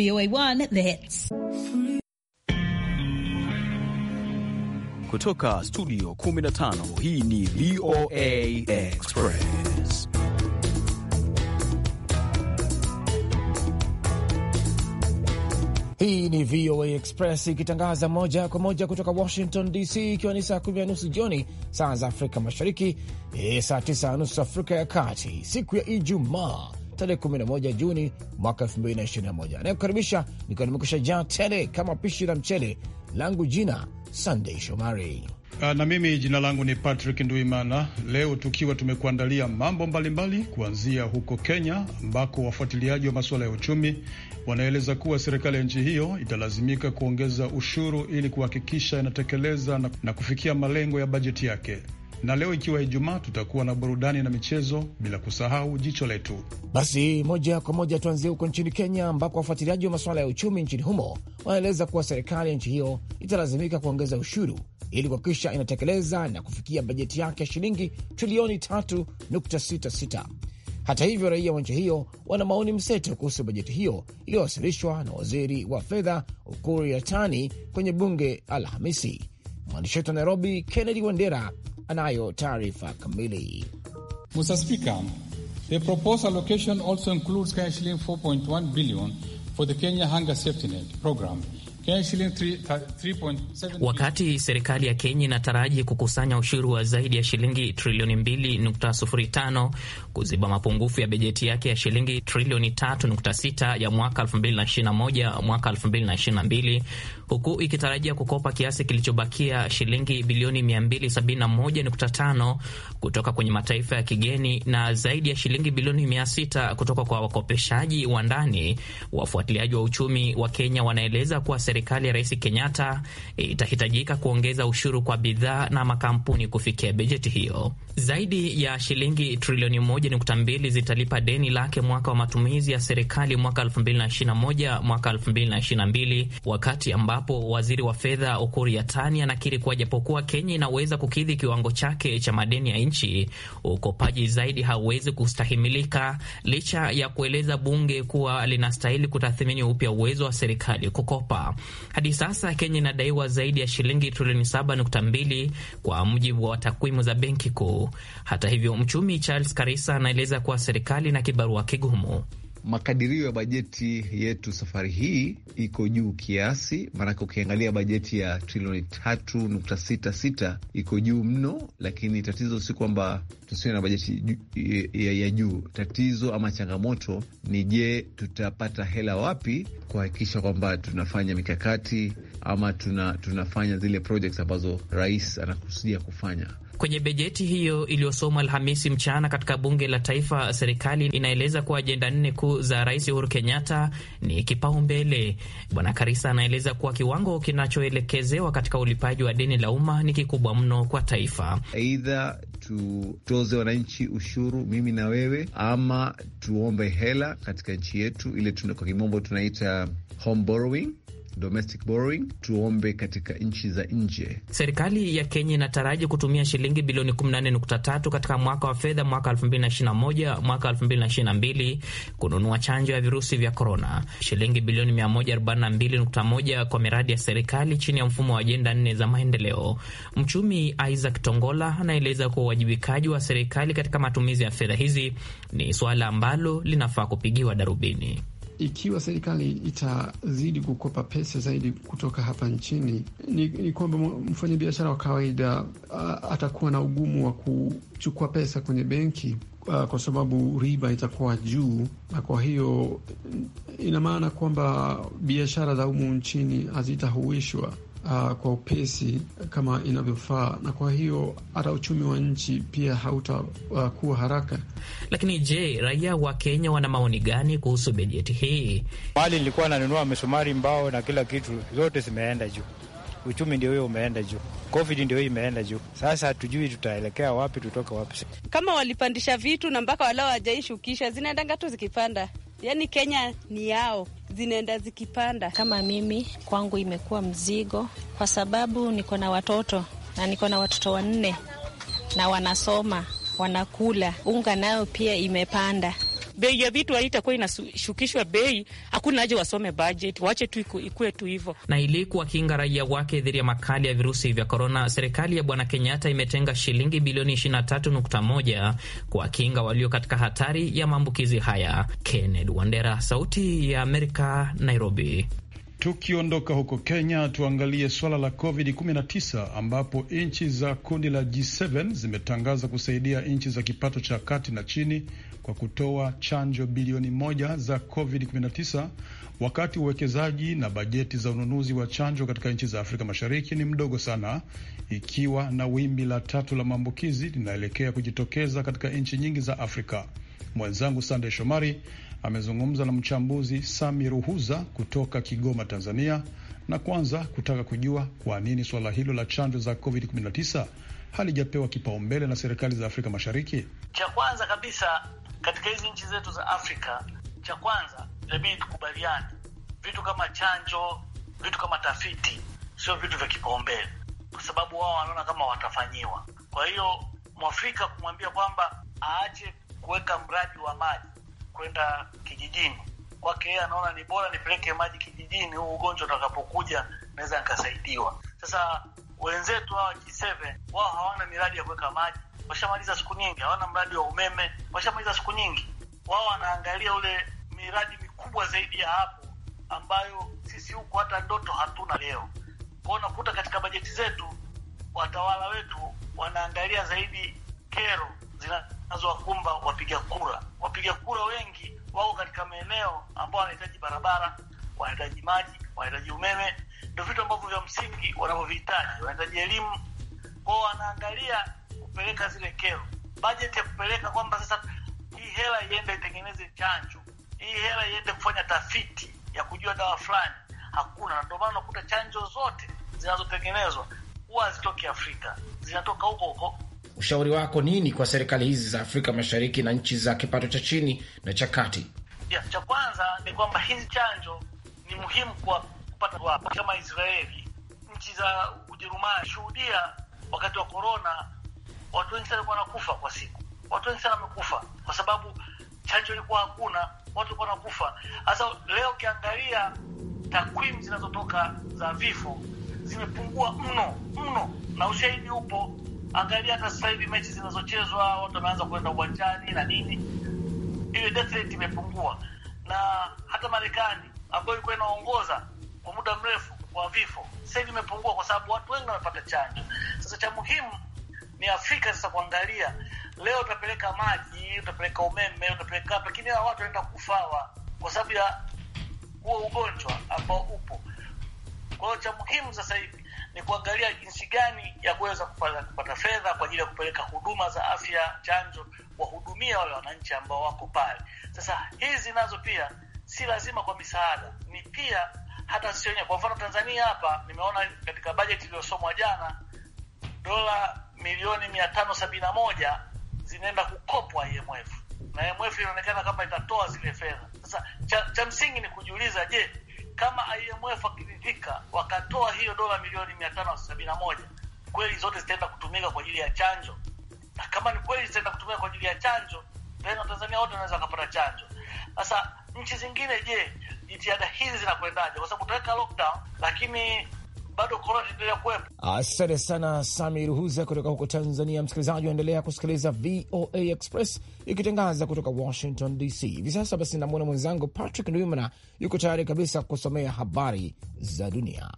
VOA1 The Hits. Kutoka studio 15 hii ni VOA Express. Hii ni VOA Express ikitangaza moja kwa moja kutoka Washington DC, ikiwa ni saa kumi na nusu jioni saa za Afrika Mashariki, e saa tisa na nusu Afrika ya Kati, siku ya Ijumaa tarehe 11 Juni mwaka 2021. Anayekukaribisha nikiwa nimekusha jaa tele kama pishi la mchele langu, jina Sunday Shomari ah, na mimi jina langu ni Patrick Nduimana. Leo tukiwa tumekuandalia mambo mbalimbali mbali, kuanzia huko Kenya ambako wafuatiliaji wa masuala ya uchumi wanaeleza kuwa serikali ya nchi hiyo italazimika kuongeza ushuru ili kuhakikisha inatekeleza na, na kufikia malengo ya bajeti yake na leo ikiwa Ijumaa, tutakuwa na burudani na michezo, bila kusahau jicho letu. Basi moja kwa moja tuanzie huko nchini Kenya, ambako wafuatiliaji wa masuala ya uchumi nchini humo wanaeleza kuwa serikali ya nchi hiyo italazimika kuongeza ushuru ili kuhakikisha inatekeleza na kufikia bajeti yake ya shilingi trilioni 3.66. Hata hivyo, raia wa nchi hiyo wana maoni mseto kuhusu bajeti hiyo iliyowasilishwa na waziri wa fedha Ukur Yatani kwenye bunge Alhamisi. Mwandishi wetu wa Nairobi, Kennedy Wandera anayo taarifa kamili. Mr. Speaker, the proposed allocation also includes 4.1 billion for the Kenya Hunger Safety Net program Wakati serikali ya Kenya inataraji kukusanya ushuru wa zaidi ya shilingi trilioni 2.05 kuziba mapungufu ya bajeti yake ya shilingi trilioni 3.6 ya mwaka 2021 mwaka 2022, huku ikitarajia kukopa kiasi kilichobakia shilingi bilioni 271.5 kutoka kwenye mataifa ya kigeni na zaidi ya shilingi bilioni 600 kutoka kwa wakopeshaji wa ndani. Wafuatiliaji wa uchumi wa Kenya wanaeleza kuwa serikali ya Rais Kenyatta eh, itahitajika kuongeza ushuru kwa bidhaa na makampuni kufikia bajeti hiyo. Zaidi ya shilingi trilioni moja nukta mbili zitalipa deni lake mwaka wa matumizi ya serikali mwaka moja mwaka mbili wakati ambapo waziri wa fedha Ukuri Yatani anakiri kuwa japokuwa Kenya inaweza kukidhi kiwango chake cha madeni ya nchi, ukopaji zaidi hauwezi kustahimilika licha ya kueleza bunge kuwa linastahili kutathmini upya uwezo wa serikali kukopa. Hadi sasa Kenya inadaiwa zaidi ya shilingi trilioni mbili kwa mujibu wa takwimu za benki kuu. Hata hivyo, mchumi Charles Karisa anaeleza kuwa serikali na kibarua kigumu makadirio ya bajeti yetu safari hii iko juu kiasi, maanake ukiangalia bajeti ya trilioni tatu nukta sita sita iko juu mno, lakini tatizo si kwamba tusiwe na bajeti ya juu. Tatizo ama changamoto ni je, tutapata hela wapi kuhakikisha kwamba tunafanya mikakati ama tuna, tunafanya zile projects ambazo rais anakusudia kufanya Kwenye bajeti hiyo iliyosomwa Alhamisi mchana katika bunge la taifa, serikali inaeleza kuwa ajenda nne kuu za Rais Uhuru Kenyatta ni kipaumbele. Bwana Karisa anaeleza kuwa kiwango kinachoelekezewa katika ulipaji wa deni la umma ni kikubwa mno kwa taifa. Aidha, tutoze wananchi ushuru, mimi na wewe, ama tuombe hela katika nchi yetu, ile kwa kimombo tunaita home borrowing domestic borrowing, tuombe katika nchi za nje. Serikali ya Kenya inataraji kutumia shilingi bilioni 14.3 katika mwaka wa fedha mwaka 2021 mwaka 2022 kununua chanjo ya virusi vya korona, shilingi bilioni 142.1 kwa miradi ya serikali chini ya mfumo wa ajenda nne za maendeleo. Mchumi Isaac Tongola anaeleza kuwa uwajibikaji wa serikali katika matumizi ya fedha hizi ni suala ambalo linafaa kupigiwa darubini ikiwa serikali itazidi kukopa pesa zaidi kutoka hapa nchini, ni, ni kwamba mfanyabiashara wa kawaida uh, atakuwa na ugumu wa kuchukua pesa kwenye benki uh, kwa sababu riba itakuwa juu, na kwa hiyo ina maana kwamba biashara za humu nchini hazitahuishwa uh, kwa upesi kama inavyofaa, na kwa hiyo hata uchumi wa nchi pia hautakuwa uh, haraka. Lakini je, raia wa Kenya wana maoni gani kuhusu bajeti hii? Mali nilikuwa nanunua misumari, mbao na kila kitu, zote zimeenda juu. Uchumi ndio hiyo umeenda juu, covid ndio hiyo imeenda juu. Sasa hatujui tutaelekea wapi, tutoke wapi? Kama walipandisha vitu na mpaka walao hawajaishukisha, zinaendanga tu zikipanda yani Kenya ni yao, zinaenda zikipanda. Kama mimi kwangu imekuwa mzigo, kwa sababu niko na watoto na niko na watoto wanne na wanasoma, wanakula. Unga nayo pia imepanda bei ya vitu haitakuwa inashukishwa bei, hakuna haja wasome budget, wache tu ikuwe tu hivo. Na ili kuwakinga raia wake dhidi ya makali ya virusi vya korona, serikali ya Bwana Kenyatta imetenga shilingi bilioni 23.1 kuwakinga walio katika hatari ya maambukizi haya. Kenneth Wandera, Sauti ya Amerika, Nairobi. Tukiondoka huko Kenya, tuangalie swala la COVID-19 ambapo nchi za kundi la G7 zimetangaza kusaidia nchi za kipato cha kati na chini kwa kutoa chanjo bilioni moja za COVID-19 wakati uwekezaji na bajeti za ununuzi wa chanjo katika nchi za Afrika Mashariki ni mdogo sana, ikiwa na wimbi la tatu la maambukizi linaelekea kujitokeza katika nchi nyingi za Afrika. Mwenzangu Sandey Shomari amezungumza na mchambuzi Sami Ruhuza kutoka Kigoma, Tanzania, na kwanza kutaka kujua kwa nini suala hilo la chanjo za COVID-19 halijapewa kipaumbele na serikali za Afrika Mashariki. Cha kwanza kabisa katika hizi nchi zetu za Afrika, cha kwanza inabidi tukubaliane, vitu kama chanjo, vitu kama tafiti sio vitu vya kipaumbele, kwa sababu wao wanaona kama watafanyiwa. Kwa hiyo mwafrika kumwambia kwamba aache kuweka mradi wa maji kwenda kijijini kwake, yeye anaona ni bora nipeleke maji kijijini, huu ugonjwa utakapokuja naweza nikasaidiwa. Sasa wenzetu hawa G7 wao hawana miradi ya kuweka maji washamaliza siku nyingi, hawana mradi wa umeme, washamaliza siku nyingi. Wao wanaangalia ule miradi mikubwa zaidi ya hapo ambayo sisi huku hata ndoto hatuna leo. Kwao unakuta katika bajeti zetu watawala wetu wanaangalia zaidi kero zinazowakumba wapiga kura. Wapiga kura wengi wako katika maeneo ambao wanahitaji barabara, wanahitaji maji, wanahitaji umeme, ndio vitu ambavyo vya msingi wanavyovihitaji, wanahitaji elimu. Kwao wanaangalia kupeleka zile kero, bajeti ya kupeleka kwamba sasa hii hela iende itengeneze chanjo, hii hela iende kufanya tafiti ya kujua dawa fulani, hakuna. Ndio maana unakuta chanjo zote zinazotengenezwa huwa hazitoki Afrika, zinatoka huko huko. Ushauri wako nini kwa serikali hizi za Afrika Mashariki na nchi za kipato cha chini na cha kati? Yeah, cha kwanza ni kwamba hizi chanjo ni muhimu kwa kupata wapi, kama Israeli, nchi za Ujerumani. Shuhudia wakati wa korona watu wengi sana walikuwa wanakufa kwa siku, watu wengi sana wamekufa kwa sababu chanjo ilikuwa hakuna, watu walikuwa wanakufa. Sasa leo ukiangalia takwimu zinazotoka za vifo zimepungua mno mno, na ushahidi upo. Angalia hata sasa hivi mechi zinazochezwa, watu wameanza kuenda uwanjani na nini, ile death rate imepungua. Na hata Marekani ambayo ilikuwa inaongoza kwa muda mrefu kwa vifo, sasa hivi imepungua kwa sababu watu wengi wamepata chanjo. Sasa cha muhimu ni Afrika sasa kuangalia, leo utapeleka maji, utapeleka umeme, utapeleka pengine, watu wanaenda kufa hawa kwa sababu ya huo ugonjwa ambao upo. Kwa hiyo cha muhimu sasa hivi ni kuangalia jinsi gani ya kuweza kupata, kupata fedha kwa ajili ya kupeleka huduma za afya, chanjo, wahudumia wale wananchi ambao wako pale. Sasa hizi nazo pia si lazima kwa misaada, ni pia hata sisi wenyewe. Kwa mfano Tanzania hapa, nimeona katika bajeti iliyosomwa jana dola milioni mia tano sabini na moja zinaenda kukopwa IMF na IMF inaonekana kama itatoa zile fedha. Sasa cha, cha msingi ni kujiuliza, je, kama IMF wakiridhika wakatoa hiyo dola milioni mia tano sabini na moja kweli zote zitaenda kutumika kwa ajili ya chanjo? Na kama ni kweli zitaenda kutumika kwa ajili ya chanjo, then Tanzania wote wanaweza wakapata chanjo. Sasa nchi zingine, je, jitihada hizi zinakwendaje? Kwa sababu utaweka lockdown, lakini bado korona itaendelea kuwepo. Asante sana Sami Ruhuza kutoka huko Tanzania. Msikilizaji, waendelea kusikiliza VOA Express ikitangaza kutoka Washington DC hivi sasa. Basi namwona mwenzangu Patrick Ndwimana yuko tayari kabisa kusomea habari za dunia.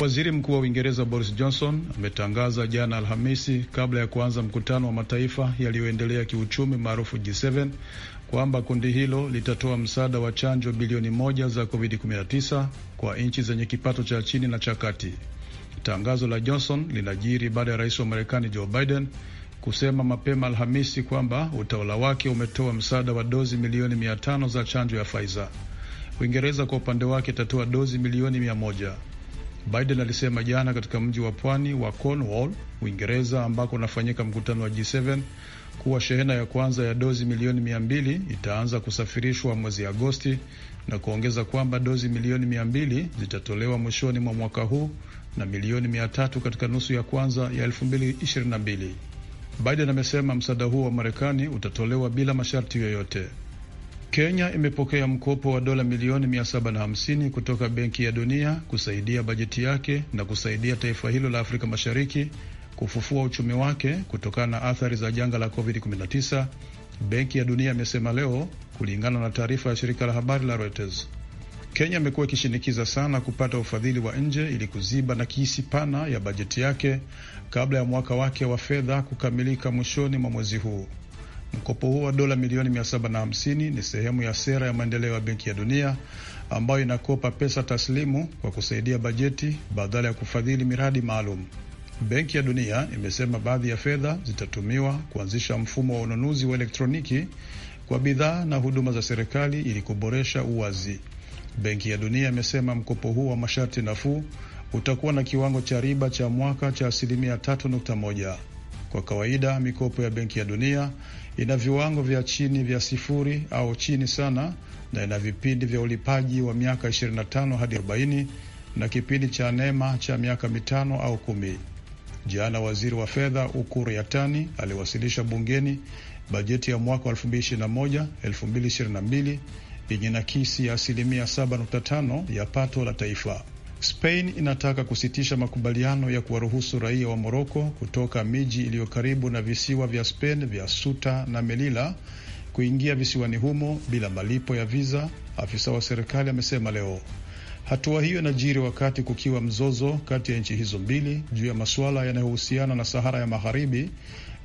Waziri Mkuu wa Uingereza Boris Johnson ametangaza jana Alhamisi, kabla ya kuanza mkutano wa mataifa yaliyoendelea kiuchumi maarufu G7, kwamba kundi hilo litatoa msaada wa chanjo bilioni moja za COVID-19 kwa nchi zenye kipato cha chini na cha kati. Tangazo la Johnson linajiri baada ya rais wa Marekani Joe Biden kusema mapema Alhamisi kwamba utawala wake umetoa msaada wa dozi milioni mia tano za chanjo ya Pfizer. Uingereza kwa upande wake itatoa dozi milioni mia moja. Biden alisema jana katika mji wa pwani wa Cornwall, Uingereza, ambako unafanyika mkutano wa G7 kuwa shehena ya kwanza ya dozi milioni mia mbili itaanza kusafirishwa mwezi Agosti na kuongeza kwamba dozi milioni mia mbili zitatolewa mwishoni mwa mwaka huu na milioni mia tatu katika nusu ya kwanza ya elfu mbili ishirini na mbili. Biden amesema msaada huo wa Marekani utatolewa bila masharti yoyote. Kenya imepokea mkopo wa dola milioni 750 kutoka Benki ya Dunia kusaidia bajeti yake na kusaidia taifa hilo la Afrika Mashariki kufufua uchumi wake kutokana na athari za janga la COVID-19, Benki ya Dunia imesema leo, kulingana na taarifa ya shirika la habari la Reuters. Kenya imekuwa ikishinikiza sana kupata ufadhili wa nje ili kuziba nakisi pana ya bajeti yake kabla ya mwaka wake wa fedha kukamilika mwishoni mwa mwezi huu. Mkopo huo wa dola milioni 750 ni sehemu ya sera ya maendeleo ya Benki ya Dunia ambayo inakopa pesa taslimu kwa kusaidia bajeti badala ya kufadhili miradi maalum. Benki ya Dunia imesema baadhi ya fedha zitatumiwa kuanzisha mfumo wa ununuzi wa elektroniki kwa bidhaa na huduma za serikali ili kuboresha uwazi. Benki ya Dunia imesema mkopo huu wa masharti nafuu utakuwa na kiwango cha riba cha mwaka cha asilimia 3.1. Kwa kawaida mikopo ya Benki ya Dunia ina viwango vya chini vya sifuri au chini sana, na ina vipindi vya ulipaji wa miaka 25 hadi 40 na kipindi cha neema cha miaka mitano au kumi. Jana waziri wa fedha Ukur Yatani aliwasilisha bungeni bajeti ya mwaka 2021 2022 yenye nakisi ya asilimia 7.5 ya pato la taifa. Spain inataka kusitisha makubaliano ya kuwaruhusu raia wa Moroko kutoka miji iliyo karibu na visiwa vya Spain vya Suta na melila kuingia visiwani humo bila malipo ya viza, afisa wa serikali amesema leo. Hatua hiyo inajiri wakati kukiwa mzozo kati ya nchi hizo mbili juu ya masuala yanayohusiana na Sahara ya Magharibi,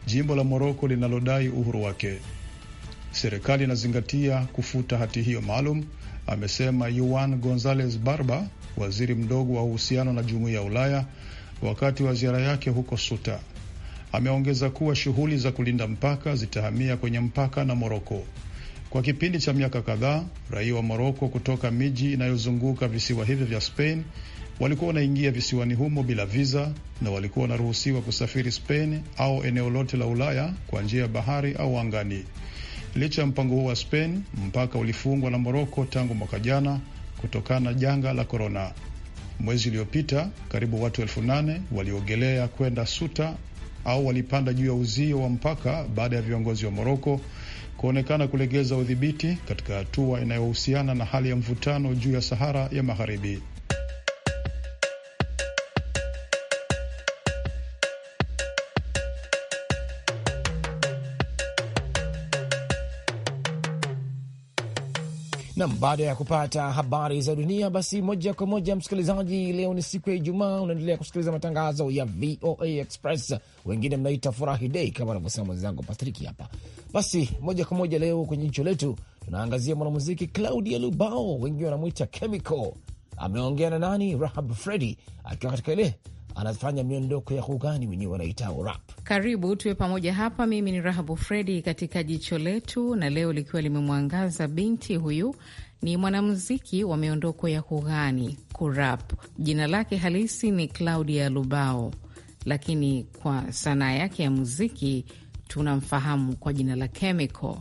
jimbo la Moroko linalodai uhuru wake. Serikali inazingatia kufuta hati hiyo maalum, amesema Juan Gonzalez Barba, waziri mdogo wa uhusiano na jumuiya ya Ulaya wakati wa ziara yake huko Suta. Ameongeza kuwa shughuli za kulinda mpaka zitahamia kwenye mpaka na Moroko. Kwa kipindi cha miaka kadhaa, raia wa Moroko kutoka miji inayozunguka visiwa hivyo vya Spain walikuwa wanaingia visiwani humo bila viza na walikuwa wanaruhusiwa kusafiri Spain au eneo lote la Ulaya kwa njia ya bahari au angani. Licha ya mpango huo wa Spain, mpaka ulifungwa na Moroko tangu mwaka jana kutokana na janga la korona. Mwezi uliopita karibu watu elfu nane waliogelea kwenda Suta au walipanda juu ya uzio wa mpaka baada ya viongozi wa Moroko kuonekana kulegeza udhibiti katika hatua inayohusiana na hali ya mvutano juu ya Sahara ya Magharibi. Nam, baada ya kupata habari za dunia, basi moja kwa moja msikilizaji, leo ni siku ya Ijumaa, unaendelea kusikiliza matangazo ya VOA Express, wengine mnaita furahi dei kama anavyosema mwenzangu Patriki hapa. Basi moja kwa moja leo kwenye jicho letu tunaangazia mwanamuziki Claudia Lubao, wengine wanamwita Chemical. Ameongea na nani? Rahab Fredi akiwa katika ile anafanya miondoko ya kugani wenyewe wanaita rap. Karibu tuwe pamoja hapa. Mimi ni Rahabu Fredi katika jicho letu, na leo likiwa limemwangaza binti huyu ni mwanamuziki wa miondoko ya kughani kurap. Jina lake halisi ni Claudia Lubao, lakini kwa sanaa yake ya muziki tunamfahamu kwa jina la Chemical.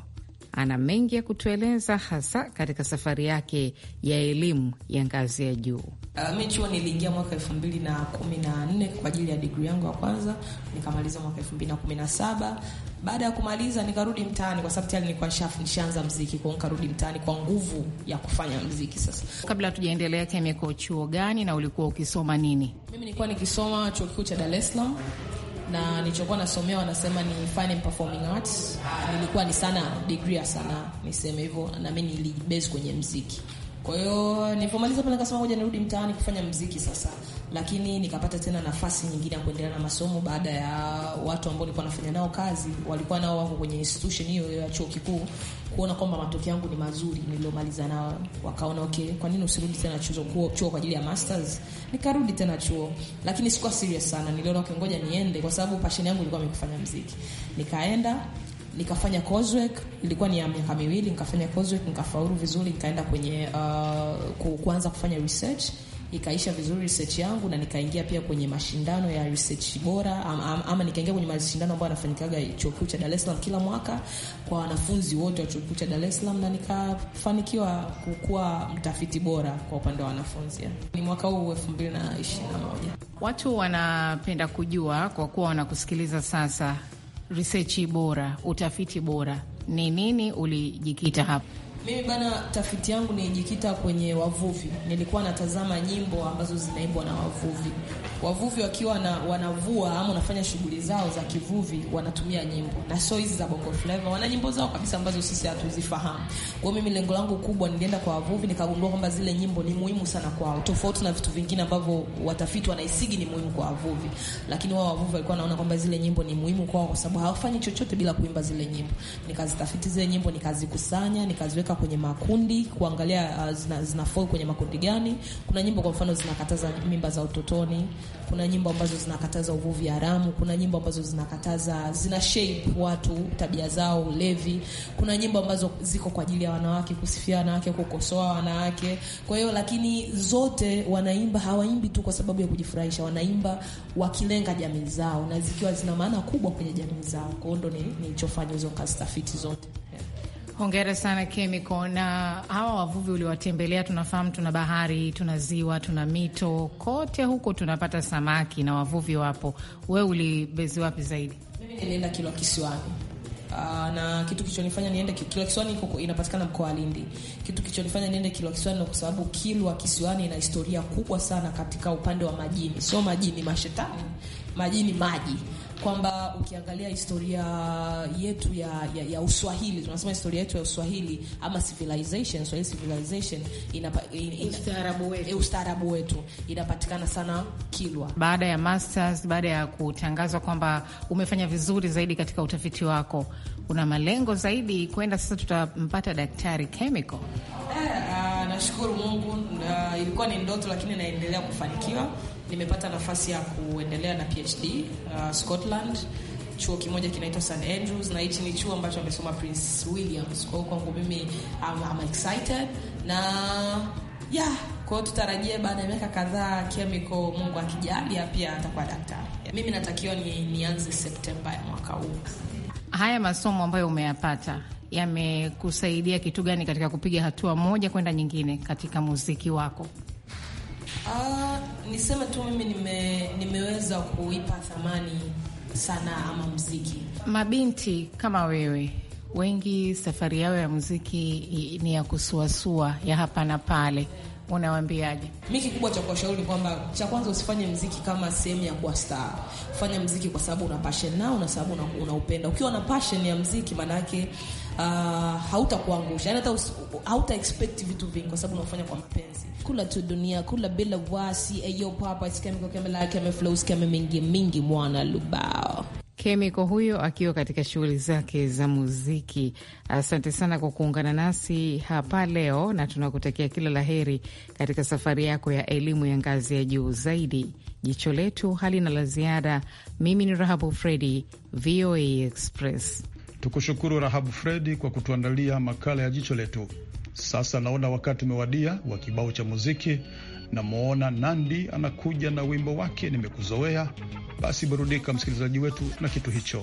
Ana mengi ya kutueleza, hasa katika safari yake ya elimu ya ngazi ya juu. Uh, mi chuo niliingia mwaka elfu mbili na kumi na nne kwa ajili ya digri yangu ya kwanza, nikamaliza mwaka elfu mbili na kumi na saba. Baada ya kumaliza nikarudi mtaani kwa sababu tayari nilikuwa nishaanza mziki, kwa nikarudi mtaani kwa nguvu ya kufanya mziki. Sasa, kabla hatujaendelea, Kemi, kwa chuo gani na ulikuwa ukisoma nini? Mimi nilikuwa nikisoma chuo kikuu cha Dar es Salaam na nilichokuwa nasomea wanasema ni fine and performing arts. Nilikuwa ni sana degree ya sanaa, niseme hivyo, na mimi nilibase kwenye mziki kwa hiyo nilipomaliza pale nikasema ngoja nirudi mtaani kufanya mziki sasa, lakini nikapata tena nafasi nyingine ya kuendelea na masomo baada ya watu ambao nilikuwa nafanya nao kazi, walikuwa nao wako kwenye institution hiyo ya chuo kikuu, kuona kwamba matokeo yangu ni mazuri niliyomaliza nao, wakaona okay, kwa nini usirudi tena chuo chuo kwa ajili ya masters? Nikarudi tena chuo, lakini sikuwa serious sana. Niliona okay, ngoja niende, kwa sababu passion yangu ilikuwa ni kufanya mziki. Nikaenda nikafanya coursework, ilikuwa ni ya miaka miwili. Nikafanya coursework, nikafaulu vizuri, nikaenda kwenye uh, kuanza kufanya research ikaisha vizuri research yangu na nikaingia pia kwenye mashindano ya research bora ama, ama, ama nikaingia kwenye mashindano ambayo yanafanyikaga Chuo Kikuu cha Dar es Salaam kila mwaka kwa wanafunzi wote wa Chuo Kikuu cha Dar es Salaam na nikafanikiwa kukuwa mtafiti bora kwa upande wa wanafunzi. Ni mwaka huu 2021. Watu wanapenda kujua kwa kuwa wanakusikiliza sasa research bora, utafiti bora, ni nini ulijikita hapa mimi bana, tafiti yangu nilijikita kwenye wavuvi. Nilikuwa natazama nyimbo ambazo zinaimbwa na wavuvi. Wavuvi wakiwa na, wanavua ama wanafanya shughuli zao za kivuvi wanatumia nyimbo, na sio hizi za Bongo Flava, wana nyimbo zao kabisa ambazo sisi hatuzifahamu. Kwa mimi lengo langu kubwa, nilienda kwa wavuvi nikagundua kwamba zile nyimbo ni muhimu sana kwao, tofauti na vitu vingine ambavyo watafiti wanaisigi ni muhimu kwa wavuvi, lakini wao wavuvi walikuwa wanaona kwamba zile nyimbo ni muhimu kwao kwa sababu hawafanyi chochote bila kuimba zile nyimbo. Nikazitafiti zile nyimbo, nikazikusanya, nikaziweka kwenye makundi kuangalia uh, zina, zina fall kwenye makundi gani. Kuna nyimbo kwa mfano zinakataza mimba za utotoni, kuna nyimbo ambazo zinakataza uvuvi haramu, kuna nyimbo ambazo zinakataza zina shape watu tabia zao, ulevi. Kuna nyimbo ambazo ziko kwa ajili ya wanawake, kusifia wanawake, kukosoa wanawake. Kwa hiyo lakini zote wanaimba, hawaimbi tu kwa sababu ya kujifurahisha, wanaimba wakilenga jamii zao na zikiwa zina maana kubwa kwenye jamii zao. Kwa hiyo ndo nilichofanya ni hizo kazi tafiti zote. Hongera sana Kemiko. Na hawa wavuvi uliowatembelea, tunafahamu tuna bahari, tuna ziwa, tuna mito, kote huko tunapata samaki na wavuvi wapo. We ulibezi wapi zaidi? Mimi nilienda Kilwa Kisiwani. Ah, na kitu kilichonifanya niende Kilwa Kisiwani iko inapatikana mkoa wa Lindi. Kitu kilichonifanya niende Kilwa Kisiwani kwa sababu Kilwa Kisiwani ina historia kubwa sana katika upande wa majini. Sio majini mashetani, majini maji kwamba ukiangalia historia yetu ya, ya, ya Uswahili, tunasema historia yetu ya Uswahili ama civilization, Swahili civilization inapa, in, in, ustaarabu wetu, eh, ustaarabu wetu inapatikana sana Kilwa. Baada ya masters, baada ya kutangazwa kwamba umefanya vizuri zaidi katika utafiti wako, una malengo zaidi kwenda sasa, tutampata daktari chemical eh, uh, nashukuru Mungu uh, ilikuwa ni ndoto lakini naendelea kufanikiwa nimepata nafasi ya kuendelea na PhD uh, Scotland chuo kimoja kinaitwa St Andrews na hichi ni chuo ambacho amesoma Prince william Kwa hiyo kwangu mimi I'm, I'm excited na yeah, kwa hiyo tutarajie baada ya miaka kadhaa chemical, Mungu akijalia, pia atakuwa daktari. Mimi natakiwa ni, nianze Septemba ya mwaka huu. Haya masomo ambayo umeyapata yamekusaidia kitu gani katika kupiga hatua moja kwenda nyingine katika muziki wako? Ah, niseme tu mimi nime, nimeweza kuipa thamani sana ama muziki. Mabinti kama wewe wengi safari yao ya muziki ni ya kusuasua ya hapa na pale, unawaambiaje? Mi kikubwa cha kuwashauri kwamba cha kwanza usifanye mziki kama sehemu ya kuwa star. Fanya mziki kwa sababu una passion nao, na sababu unaupenda. Ukiwa na passion ya mziki maana yake uh, ah, hautakuangusha yani, hata hauta expect vitu vingi, kwa sababu unafanya kwa mapenzi. Kula tu dunia, kula bila wasi. Ayo papa isikemiko kemela keme flows keme mingi mingi, mwana lubao Kemiko huyo akiwa katika shughuli zake za muziki. Asante sana kwa kuungana nasi hapa leo, na tunakutakia kila la heri katika safari yako ya elimu ya ngazi ya juu zaidi. Jicho letu halina la ziada. Mimi ni Rahabu Fredi, VOA Express. Tukushukuru Rahabu Fredi kwa kutuandalia makala ya jicho letu. Sasa naona wakati umewadia wa kibao cha muziki. Namwona Nandi anakuja na wimbo wake nimekuzoea. Basi burudika msikilizaji wetu na kitu hicho.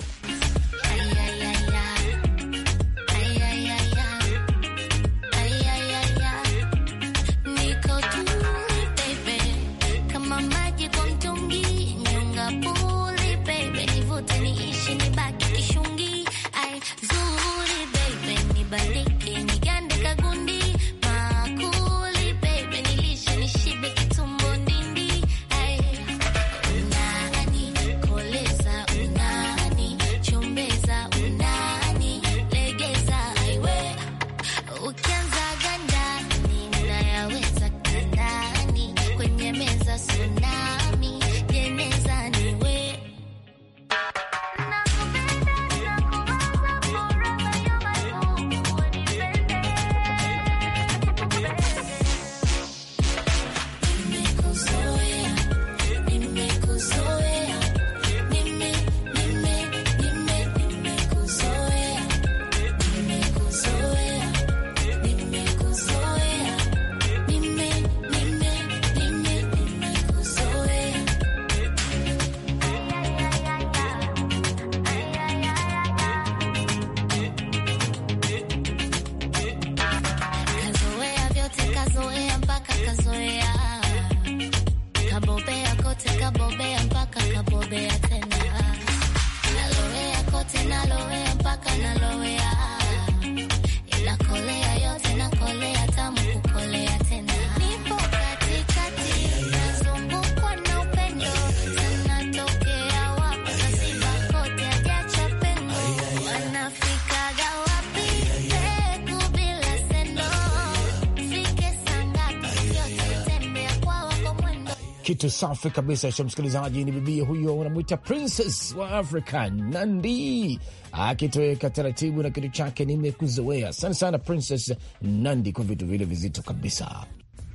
kitu safi kabisa cha msikilizaji. Ni bibie huyo unamwita Princess wa Africa Nandi akitoweka taratibu na kitu chake, nimekuzoea. Asante sana Princess Nandi kwa vitu vile vizito kabisa.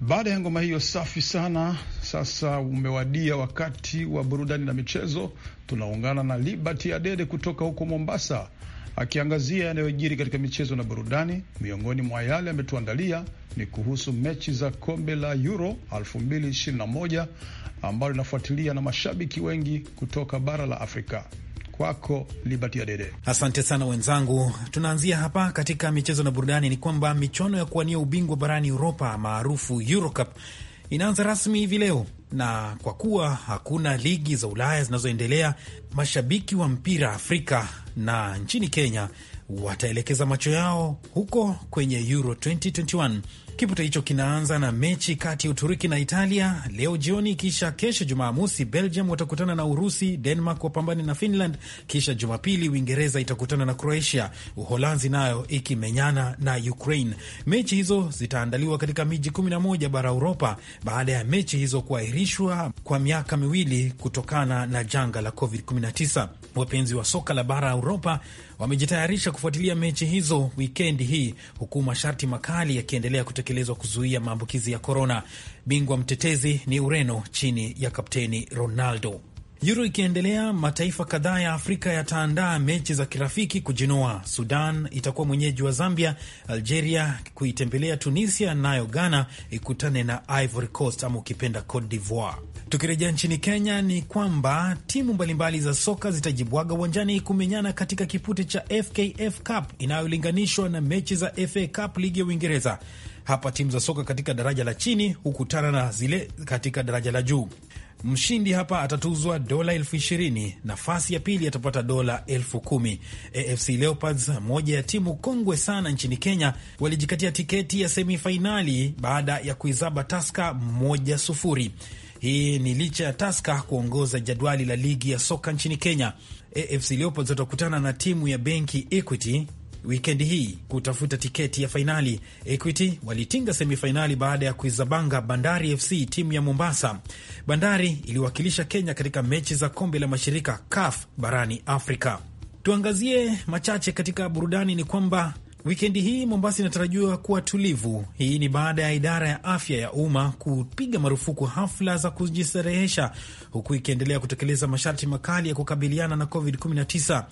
Baada ya ngoma hiyo safi sana, sasa umewadia wakati wa burudani na michezo. Tunaungana na Liberty Adede kutoka huko Mombasa akiangazia yanayojiri katika michezo na burudani. Miongoni mwa yale ametuandalia ni kuhusu mechi za kombe la Euro 2021 ambalo linafuatilia na mashabiki wengi kutoka bara la Afrika. Kwako Liberty Adede. Asante sana wenzangu, tunaanzia hapa katika michezo na burudani. Ni kwamba michuano ya kuwania ubingwa barani Uropa maarufu Eurocup inaanza rasmi hivi leo, na kwa kuwa hakuna ligi za Ulaya zinazoendelea, mashabiki wa mpira Afrika na nchini Kenya wataelekeza macho yao huko kwenye Euro 2021. Kipute hicho kinaanza na mechi kati ya Uturuki na Italia leo jioni, kisha kesho Jumamosi Belgium watakutana na Urusi, Denmark wapambane na Finland, kisha Jumapili Uingereza itakutana na Croatia, Uholanzi nayo ikimenyana na Ukraine. Mechi hizo zitaandaliwa katika miji 11 bara Uropa baada ya mechi hizo kuahirishwa kwa miaka miwili kutokana na janga la COVID-19. Wapenzi wa soka la bara Uropa wamejitayarisha kufuatilia mechi hizo wikendi hii, huku masharti makali yakiendelea kutekelezwa kuzuia maambukizi ya korona. Bingwa mtetezi ni Ureno chini ya kapteni Ronaldo. Yuro ikiendelea, mataifa kadhaa ya Afrika yataandaa mechi za kirafiki kujinoa. Sudan itakuwa mwenyeji wa Zambia, Algeria kuitembelea Tunisia, nayo Ghana ikutane na Ivory Coast ama ukipenda Cote d'Ivoire. Tukirejea nchini Kenya, ni kwamba timu mbalimbali za soka zitajibwaga uwanjani kumenyana katika kipute cha FKF Cup inayolinganishwa na mechi za FA Cup ligi ya Uingereza. Hapa timu za soka katika daraja la chini hukutana na zile katika daraja la juu. Mshindi hapa atatuzwa dola elfu ishirini. Nafasi ya pili atapata dola elfu kumi. AFC Leopards, moja ya timu kongwe sana nchini Kenya, walijikatia tiketi ya semifainali baada ya kuizaba Taska moja sufuri. Hii ni licha ya Taska kuongoza jadwali la ligi ya soka nchini Kenya. AFC Leopards watakutana na timu ya benki Equity wikendi hii kutafuta tiketi ya fainali. Equity walitinga semifainali baada ya kuizabanga Bandari FC, timu ya Mombasa. Bandari iliwakilisha Kenya katika mechi za kombe la mashirika CAF barani Afrika. Tuangazie machache katika burudani, ni kwamba wikendi hii Mombasa inatarajiwa kuwa tulivu. Hii ni baada ya idara ya afya ya umma kupiga marufuku hafla za kujistarehesha, huku ikiendelea kutekeleza masharti makali ya kukabiliana na COVID-19.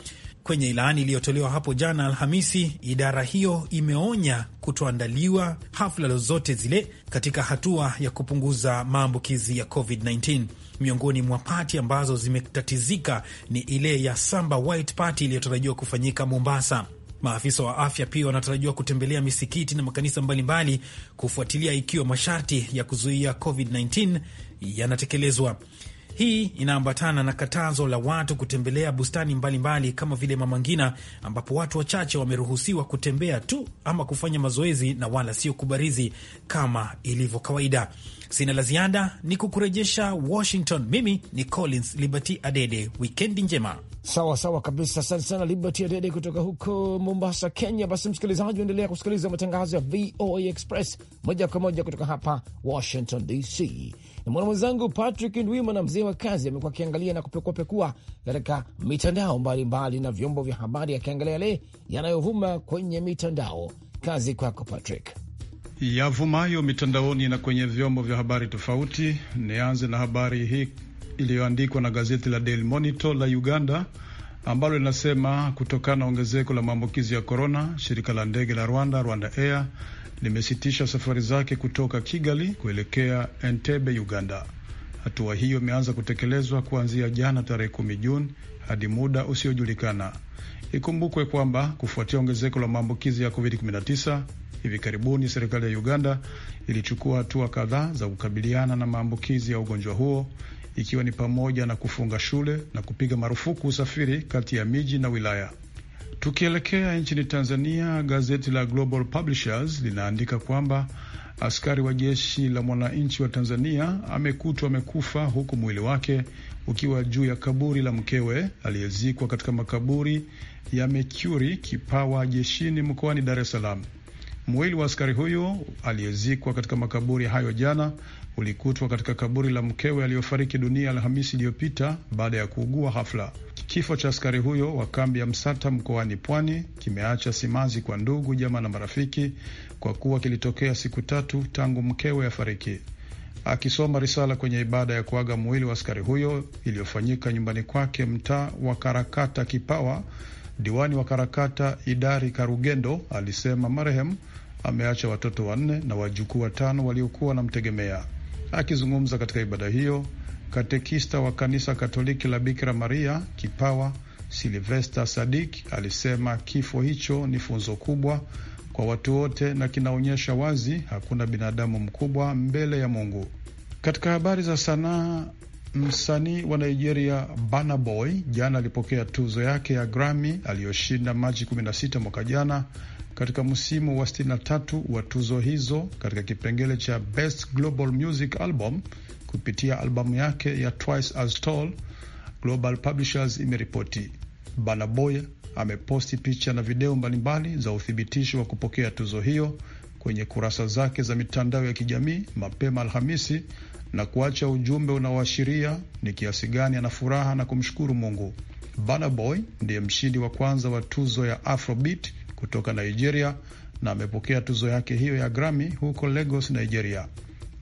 Kwenye ilani iliyotolewa hapo jana Alhamisi, idara hiyo imeonya kutoandaliwa hafla lozote zile katika hatua ya kupunguza maambukizi ya COVID-19. Miongoni mwa pati ambazo zimetatizika ni ile ya Samba White Party iliyotarajiwa kufanyika Mombasa. Maafisa wa afya pia wanatarajiwa kutembelea misikiti na makanisa mbalimbali kufuatilia ikiwa masharti ya kuzuia COVID-19 yanatekelezwa. Hii inaambatana na katazo la watu kutembelea bustani mbalimbali mbali kama vile Mama Ngina, ambapo watu wachache wameruhusiwa kutembea tu ama kufanya mazoezi na wala sio kubarizi kama ilivyo kawaida. Sina la ziada, ni kukurejesha Washington. Mimi ni Collins Liberty Adede, wikendi njema. Sawa sawa kabisa, asante sana Liberty Adede kutoka huko Mombasa, Kenya. Basi msikilizaji, endelea kusikiliza matangazo ya VOA Express moja kwa moja kutoka hapa Washington DC na mwana mwenzangu Patrick Ndwima na mzee wa kazi amekuwa akiangalia na kupekuapekua katika mitandao mbalimbali na vyombo vya habari, akiangalia yale yanayovuma kwenye mitandao. Kazi kwako Patrick. Yavumayo mitandaoni na kwenye vyombo vya habari tofauti. Nianze na habari hii iliyoandikwa na gazeti la Daily Monitor la Uganda ambalo linasema kutokana na ongezeko la maambukizi ya korona, shirika la ndege la Rwanda, Rwanda Air limesitisha safari zake kutoka Kigali kuelekea Entebbe, Uganda. Hatua hiyo imeanza kutekelezwa kuanzia jana tarehe kumi Juni hadi muda usiojulikana. Ikumbukwe kwamba kufuatia ongezeko la maambukizi ya COVID-19 hivi karibuni, serikali ya Uganda ilichukua hatua kadhaa za kukabiliana na maambukizi ya ugonjwa huo, ikiwa ni pamoja na kufunga shule na kupiga marufuku usafiri kati ya miji na wilaya. Tukielekea nchini Tanzania, gazeti la Global Publishers linaandika kwamba askari wa jeshi la mwananchi wa Tanzania amekutwa amekufa huku mwili wake ukiwa juu ya kaburi la mkewe aliyezikwa katika makaburi ya mecuri Kipawa jeshini mkoani Dar es Salaam. Mwili wa askari huyo aliyezikwa katika makaburi hayo jana ulikutwa katika kaburi la mkewe aliyofariki dunia Alhamisi iliyopita baada ya kuugua hafla. Kifo cha askari huyo wa kambi ya Msata mkoani Pwani kimeacha simanzi kwa ndugu, jamaa na marafiki kwa kuwa kilitokea siku tatu tangu mkewe afariki. Akisoma risala kwenye ibada ya kuaga mwili wa askari huyo iliyofanyika nyumbani kwake mtaa wa Karakata Kipawa, diwani wa Karakata Idari Karugendo alisema marehemu ameacha watoto wanne na wajukuu watano waliokuwa wanamtegemea. Akizungumza katika ibada hiyo, katekista wa kanisa Katoliki la Bikira Maria Kipawa Silvesta Sadik alisema kifo hicho ni funzo kubwa kwa watu wote na kinaonyesha wazi hakuna binadamu mkubwa mbele ya Mungu. Katika habari za sanaa, msanii wa Nigeria Burna Boy jana alipokea tuzo yake ya Grammy aliyoshinda Machi 16 mwaka jana katika msimu wa 63 wa tuzo hizo katika kipengele cha Best Global Music Album kupitia albamu yake ya Twice as Tall, Global Publishers imeripoti. Burna Boy ameposti picha na video mbalimbali za uthibitisho wa kupokea tuzo hiyo kwenye kurasa zake za mitandao ya kijamii mapema Alhamisi na kuacha ujumbe unaoashiria ni kiasi gani ana furaha na kumshukuru Mungu. Burna Boy ndiye mshindi wa kwanza wa tuzo ya Afrobeat kutoka Nigeria na amepokea tuzo yake hiyo ya Grammy huko Lagos, Nigeria.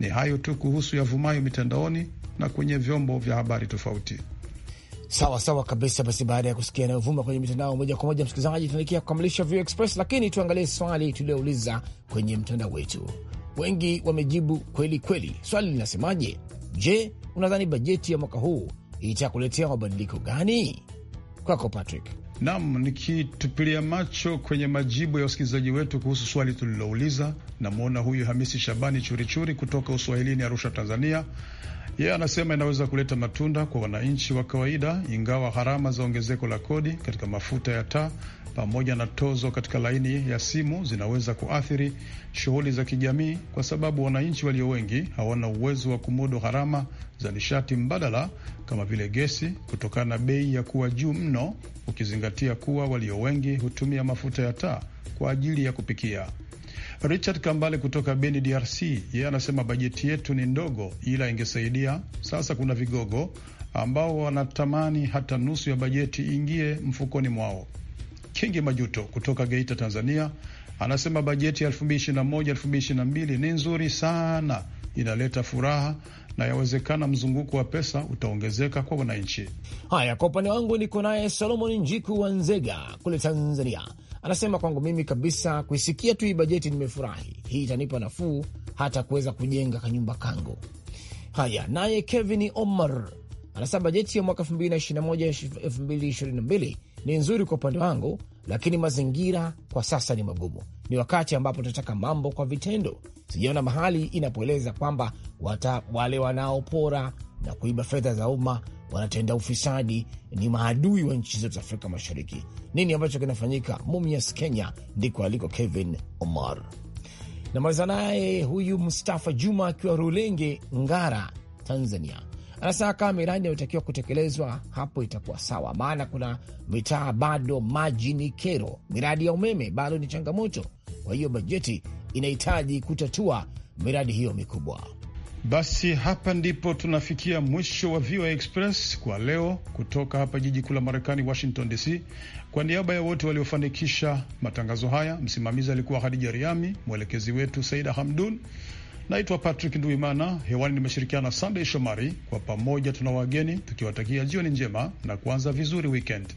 Ni hayo tu kuhusu yavumayo mitandaoni na kwenye vyombo vya habari tofauti. Sawa sawa kabisa. Basi baada ya kusikia yanayovuma kwenye mitandao, moja kwa moja msikilizaji, tunaelekea kukamilisha View Express, lakini tuangalie swali tuliouliza kwenye mtandao wetu. Wengi wamejibu kweli kweli. Swali linasemaje? Je, unadhani bajeti ya mwaka huu itakuletea mabadiliko gani? Kwako Patrick. Nam, nikitupilia macho kwenye majibu ya wasikilizaji wetu kuhusu swali tulilouliza, namwona huyu Hamisi Shabani Churichuri kutoka Uswahilini, Arusha, Tanzania. Yeye yeah, anasema inaweza kuleta matunda kwa wananchi wa kawaida, ingawa gharama za ongezeko la kodi katika mafuta ya taa pamoja na tozo katika laini ya simu zinaweza kuathiri shughuli za kijamii, kwa sababu wananchi walio wengi hawana uwezo wa kumudu gharama za nishati mbadala kama vile gesi, kutokana na bei ya kuwa juu mno, ukizingatia kuwa walio wengi hutumia mafuta ya taa kwa ajili ya kupikia. Richard Kambale kutoka Beni, DRC, yeye anasema bajeti yetu ni ndogo, ila ingesaidia. Sasa kuna vigogo ambao wanatamani hata nusu ya bajeti ingie mfukoni mwao. Kingi Majuto kutoka Geita, Tanzania, anasema bajeti ya 2021-2022 ni nzuri sana, inaleta furaha na yawezekana mzunguko wa pesa utaongezeka kwa wananchi. Haya, kwa upande wangu niko naye solomoni Njiku wa Nzega kule Tanzania. Anasema kwangu mimi kabisa, kuisikia tu hii bajeti nimefurahi. Hii itanipa nafuu hata kuweza kujenga kanyumba kangu. Haya, naye Kevin Omar anasema bajeti ya mwaka 2021 2022 ni nzuri kwa upande wangu, lakini mazingira kwa sasa ni magumu. Ni wakati ambapo tunataka mambo kwa vitendo. Sijaona mahali inapoeleza kwamba wale wanaopora na kuiba fedha za umma wanatenda ufisadi, ni maadui wa nchi zetu za Afrika Mashariki. Nini ambacho kinafanyika? Mumias, Kenya ndiko aliko Kevin Omar. Namaliza naye huyu Mustafa Juma akiwa Rulenge, Ngara, Tanzania, anasema kama miradi inayotakiwa kutekelezwa hapo itakuwa sawa, maana kuna mitaa bado maji ni kero, miradi ya umeme bado ni changamoto. Kwa hiyo bajeti inahitaji kutatua miradi hiyo mikubwa. Basi hapa ndipo tunafikia mwisho wa VOA Express kwa leo, kutoka hapa jiji kuu la Marekani, Washington DC. Kwa niaba ya wote waliofanikisha matangazo haya, msimamizi alikuwa Hadija Riami, mwelekezi wetu Saida Hamdun. Naitwa Patrick Nduimana, hewani nimeshirikiana na Sandey Shomari. Kwa pamoja tuna wageni tukiwatakia jioni njema na kuanza vizuri weekend.